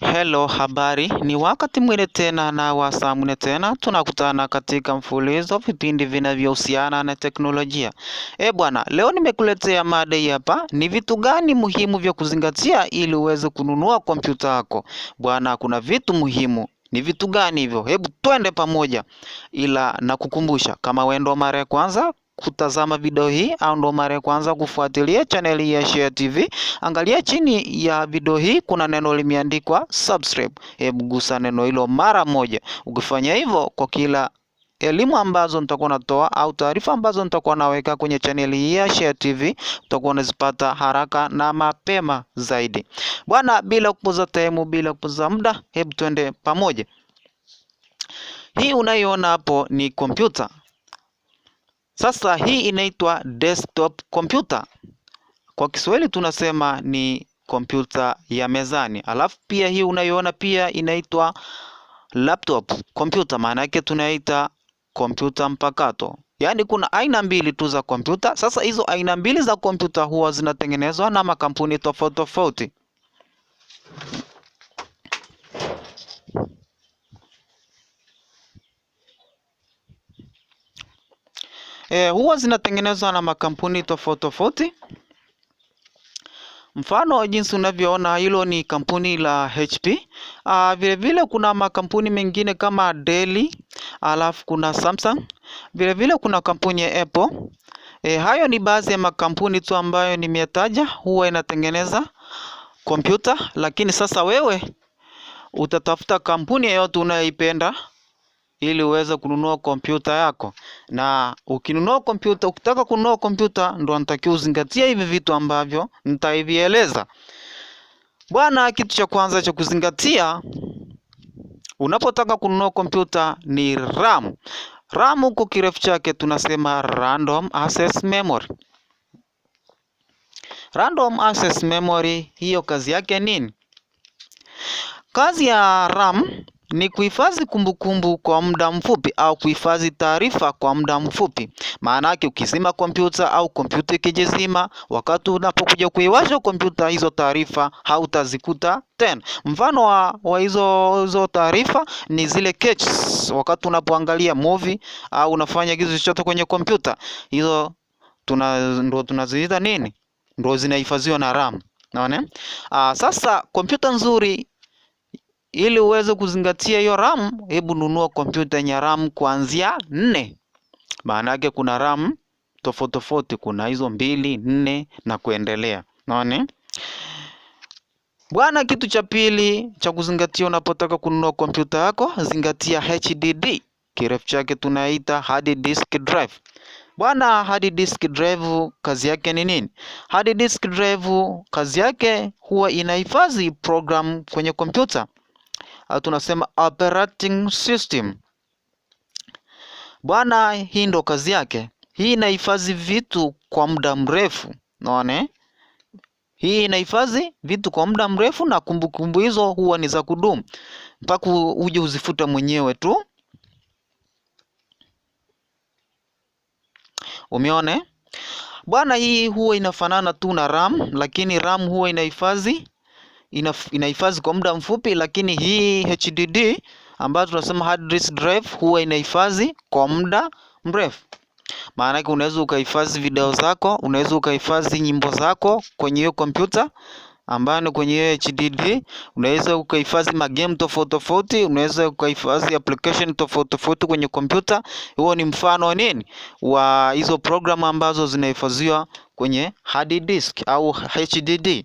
Hello, habari. Ni wakati mwingine tena na wasaa mwingine tena tunakutana katika mfululizo vipindi vinavyohusiana na teknolojia. E bwana, leo nimekuletea mada hapa, ni vitu gani muhimu vya kuzingatia ili uweze kununua kompyuta yako. Bwana, kuna vitu muhimu ni vitu gani hivyo? Hebu twende pamoja, ila nakukumbusha, kama wewe ndo mara ya kwanza kutazama video hii au ndo mara ya kwanza kufuatilia chaneli ya Shayia TV, angalia chini ya video hii kuna neno limeandikwa subscribe. Hebu gusa neno hilo mara moja. Ukifanya hivyo, kwa kila elimu ambazo nitakuwa natoa au taarifa ambazo nitakuwa naweka kwenye chaneli hii ya Shayia TV utakuwa unazipata haraka na mapema zaidi. Bwana, bila kupoza time, bila kupoza muda, hebu twende pamoja. Hii unayoona hapo ni kompyuta. Sasa hii inaitwa desktop computer. Kwa Kiswahili tunasema ni kompyuta ya mezani. Alafu pia hii unayoona pia inaitwa laptop kompyuta, maana yake tunaita kompyuta mpakato. Yaani kuna aina mbili tu za kompyuta. Sasa hizo aina mbili za kompyuta huwa zinatengenezwa na makampuni tofauti tofauti. eh, huwa zinatengenezwa na makampuni tofauti tofauti. Mfano jinsi unavyoona hilo ni kampuni la HP. vilevile ah, vile vile kuna makampuni mengine kama Dell, alafu kuna Samsung. Vile vile kuna kampuni ya Apple. E, hayo ni baadhi ya makampuni tu ambayo nimetaja huwa inatengeneza kompyuta, lakini sasa wewe utatafuta kampuni yoyote unayoipenda ili uweze kununua kompyuta yako. Na ukinunua kompyuta, ukitaka kununua kompyuta, ndo unatakiwa uzingatia hivi vitu ambavyo nitaivieleza bwana. Kitu cha kwanza cha kuzingatia unapotaka kununua kompyuta ni RAM. RAM huko kirefu chake tunasema random access memory. Random access memory hiyo kazi yake nini? Kazi ya RAM ni kuhifadhi kumbukumbu kwa muda mfupi au kuhifadhi taarifa kwa muda mfupi. Maana yake ukizima kompyuta au kompyuta ikijizima, wakati unapokuja kuiwasha kompyuta, hizo taarifa hautazikuta tena. Mfano wa, wa hizo hizo taarifa ni zile caches, wakati unapoangalia movie au unafanya kitu chochote kwenye kompyuta, hizo tuna ndo tunaziita nini, ndo zinahifadhiwa na RAM. Naona? Ah, sasa kompyuta nzuri ili uweze kuzingatia hiyo RAM, hebu nunua kompyuta yenye RAM kuanzia nne. yake kuna RAM tofauti tofauti, kuna hizo mbili, nne na kuendelea. Naona bwana, kitu cha pili cha kuzingatia unapotaka kununua kompyuta yako, zingatia HDD, kirefu chake tunaita hard disk drive. Bwana, hard disk drive kazi yake ni nini? Hard disk drive kazi yake huwa inahifadhi program kwenye kompyuta au ah, tunasema operating system. Bwana, hii ndo kazi yake. Hii inahifadhi vitu kwa muda mrefu, naone eh? hii inahifadhi vitu kwa muda mrefu, na kumbukumbu hizo kumbu huwa ni za kudumu mpaka uje uzifuta mwenyewe tu. Umeone eh? bwana, hii huwa inafanana tu na RAM, lakini RAM huwa inahifadhi inahifadhi kwa muda mfupi, lakini hii HDD ambayo tunasema hard disk drive huwa inahifadhi kwa muda mrefu. Maana yake unaweza ukahifadhi video zako, unaweza ukahifadhi nyimbo zako kwenye hiyo kompyuta ambayo kwenye hiyo HDD, unaweza ukahifadhi magame tofauti tofauti, unaweza ukahifadhi application tofauti tofauti kwenye kompyuta. Huo ni mfano nini wa hizo programu ambazo zinahifadhiwa kwenye hard disk au HDD.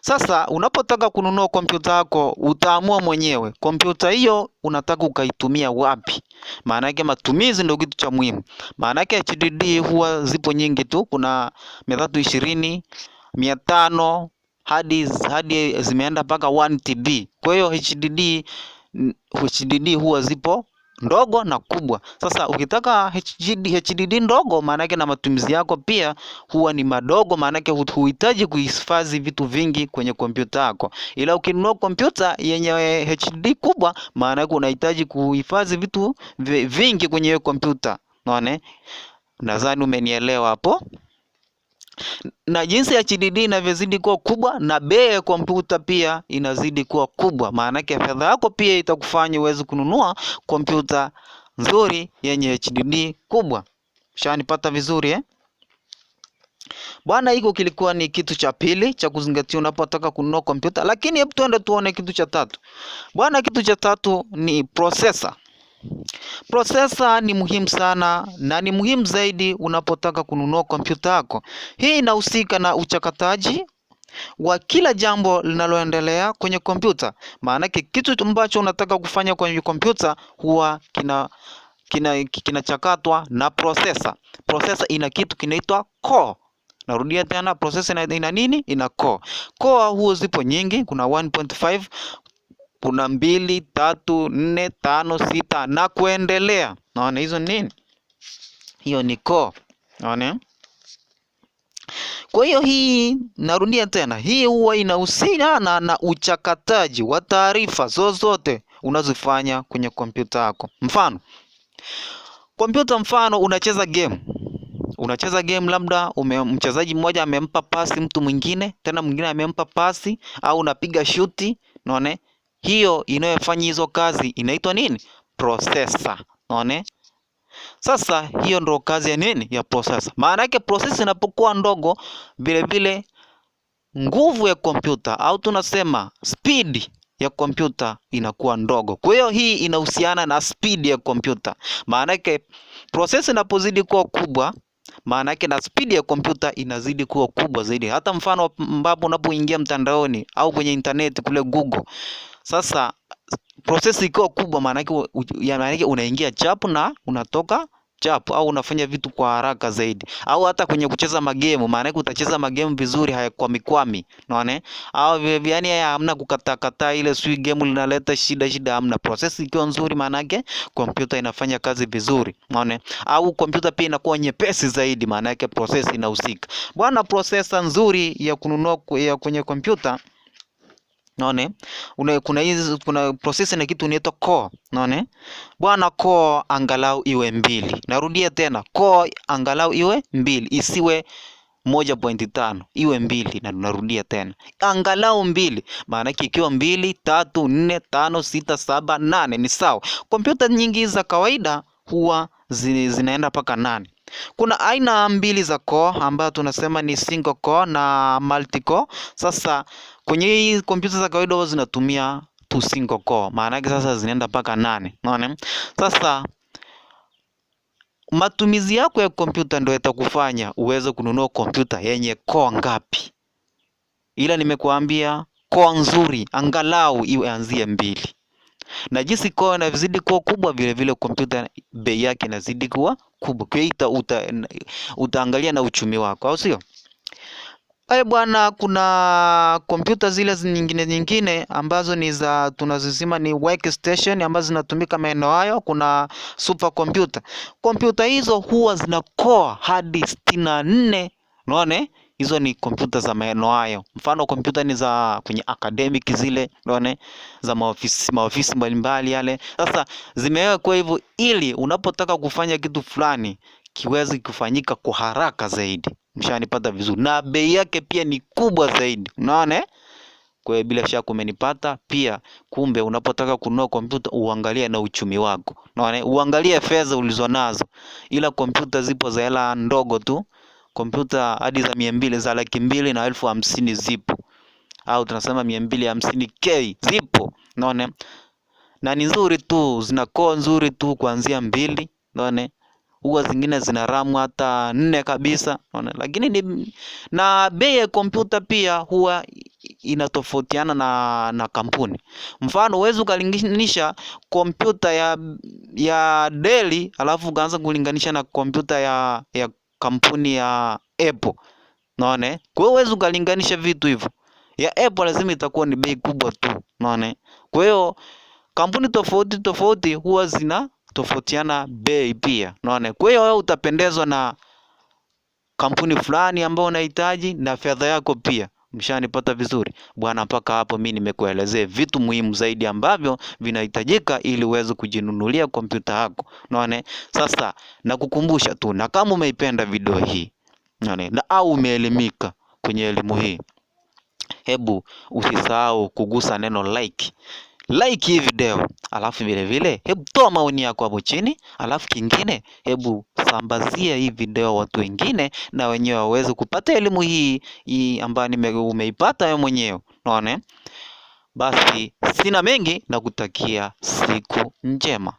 Sasa unapotaka kununua kompyuta yako utaamua mwenyewe kompyuta hiyo unataka ukaitumia wapi. maana yake matumizi ndio kitu cha muhimu. maana yake HDD huwa zipo nyingi tu, kuna mia tatu ishirini, mia tano hadi hadi zimeenda mpaka 1 TB. Kwa hiyo HDD HDD huwa zipo ndogo na kubwa. Sasa ukitaka HDD, HDD ndogo maanake na matumizi yako pia huwa ni madogo, maanake huhitaji kuhifadhi vitu vingi kwenye kompyuta yako, ila ukinunua kompyuta yenye HDD kubwa, maanake unahitaji kuhifadhi vitu vingi kwenye hiyo kompyuta. Unaona, eh? nadhani umenielewa hapo na jinsi ya HDD inavyozidi kuwa kubwa na bei ya kompyuta pia inazidi kuwa kubwa, yake fedha yako pia itakufanya uweze kununua kompyuta nzuri yenye HDD kubwa. Shanipata vizuri eh? Bwana, hiko kilikuwa ni kitu cha pili cha kuzingatia unapotaka kununua kompyuta, lakini hebu tuende tuone kitu cha tatu. Bwana, kitu cha tatu ni processor. Prosesa ni muhimu sana na ni muhimu zaidi unapotaka kununua kompyuta yako. Hii inahusika na uchakataji wa kila jambo linaloendelea kwenye kompyuta. Maanake kitu ambacho unataka kufanya kwenye kompyuta huwa kina kinachakatwa na processor. Processor ina kitu kinaitwa core. Narudia tena, processor ina, ina nini? Ina core. Core huo zipo nyingi, kuna 1.5 kuna mbili, tatu, nne, tano, sita na kuendelea. Naona hizo nini, hiyo ni koo. Naona kwa hiyo hii, narudia tena, hii huwa inahusiana na uchakataji wa taarifa zozote unazofanya kwenye kompyuta yako. Mfano kompyuta, mfano unacheza game unacheza game labda mchezaji mmoja amempa pasi mtu mwingine, tena mwingine amempa pasi, au unapiga shuti, unaona hiyo inayofanya hizo kazi inaitwa nini? Processor. Unaona? Sasa hiyo ndio kazi ya nini? Ya processor. Maana yake processor inapokuwa ndogo, vile vile nguvu ya kompyuta au tunasema speed ya kompyuta inakuwa ndogo. Kwa hiyo hii inahusiana na speed ya kompyuta. Maana yake processor inapozidi kuwa kubwa, maana yake na speed ya kompyuta inazidi kuwa kubwa zaidi. Hata mfano ambapo unapoingia mtandaoni au kwenye internet kule Google sasa process ikiwa kubwa, maana yake unaingia chapu na unatoka chapu, au unafanya vitu kwa haraka zaidi, au hata kwenye kucheza magemu, maana yake utacheza magemu vizuri, mikwami, unaona au yaani hamna kukatakata ile sui game linaleta shida shida, hamna. Process ikiwa nzuri, maana yake kompyuta inafanya kazi vizuri, unaona au kompyuta pia inakuwa nyepesi zaidi, maana yake process inahusika bwana. Processor nzuri ya kununua ya kwenye kompyuta unaone una, kuna hizi kuna processor na kitu inaitwa core unaone bwana core angalau iwe mbili narudia tena core angalau iwe mbili isiwe 1.5 iwe mbili na tunarudia tena angalau mbili maanake ikiwa mbili tatu nne tano sita saba nane ni sawa kompyuta nyingi za kawaida huwa zinaenda mpaka nane kuna aina mbili za core ambayo tunasema ni single core na multi core sasa Kwenye hii kompyuta za kawaida huwa zinatumia tu single core, maana yake sasa zinaenda mpaka nane. Unaona? Sasa matumizi yako ya kompyuta ndio yatakufanya uweze kununua kompyuta yenye core ngapi, ila nimekuambia core nzuri angalau iwe anzie mbili, na jinsi core inazidi kuwa kubwa, vile vile kompyuta bei yake inazidi kuwa kubwa. Kwa hiyo uta, utaangalia na uchumi wako, au sio? Aya eh, bwana, kuna kompyuta zile nyingine nyingine ambazo ni za tunazisema ni workstation ambazo zinatumika maeneo hayo. Kuna super computer. Kompyuta hizo huwa zina core hadi sitini na nne. Unaona hizo ni kompyuta za maeneo hayo. Mfano kompyuta ni za kwenye academic zile, unaona za maofisi maofisi mbalimbali yale. Sasa zimewekwa hivyo ili unapotaka kufanya kitu fulani kiweze kufanyika kwa haraka zaidi mshanipata vizuri na bei yake pia ni kubwa zaidi unaona eh? kwa bila shaka umenipata pia kumbe unapotaka kununua kompyuta uangalie na uchumi wako unaona eh? uangalie fedha ulizonazo ila kompyuta zipo za hela ndogo tu kompyuta hadi za mia mbili za laki mbili na elfu hamsini zipo au tunasema mia mbili hamsini k zipo unaona eh? na ni nzuri tu zina koo nzuri tu kuanzia mbili unaona huwa zingine zina ramu hata nne kabisa lakini ni, na bei ya kompyuta pia huwa inatofautiana na, na kampuni. Mfano huwezi ukalinganisha kompyuta ya ya Dell alafu ukaanza kulinganisha na kompyuta ya ya kampuni ya Apple. Unaona Kwa hiyo huwezi ukalinganisha vitu hivyo. Ya Apple lazima itakuwa ni bei kubwa tu, unaona Kwa hiyo kampuni tofauti tofauti huwa zina kutofautiana bei pia, unaona. Kwa hiyo wewe utapendezwa na kampuni fulani ambayo unahitaji na fedha yako pia. Mshanipata vizuri bwana? Mpaka hapo mi nimekuelezea vitu muhimu zaidi ambavyo vinahitajika ili uweze kujinunulia kompyuta yako, unaona. Sasa nakukumbusha tu, na kama umeipenda video hii unaona, na au umeelimika kwenye elimu hii, hebu usisahau kugusa neno like, like hii video. Alafu vile vile, hebu toa maoni yako hapo chini. Alafu kingine, hebu sambazia hii video watu wengine, na wenyewe waweze kupata elimu hii hii ambayo umeipata wewe mwenyewe. Unaona, eh? basi sina mengi na kutakia siku njema.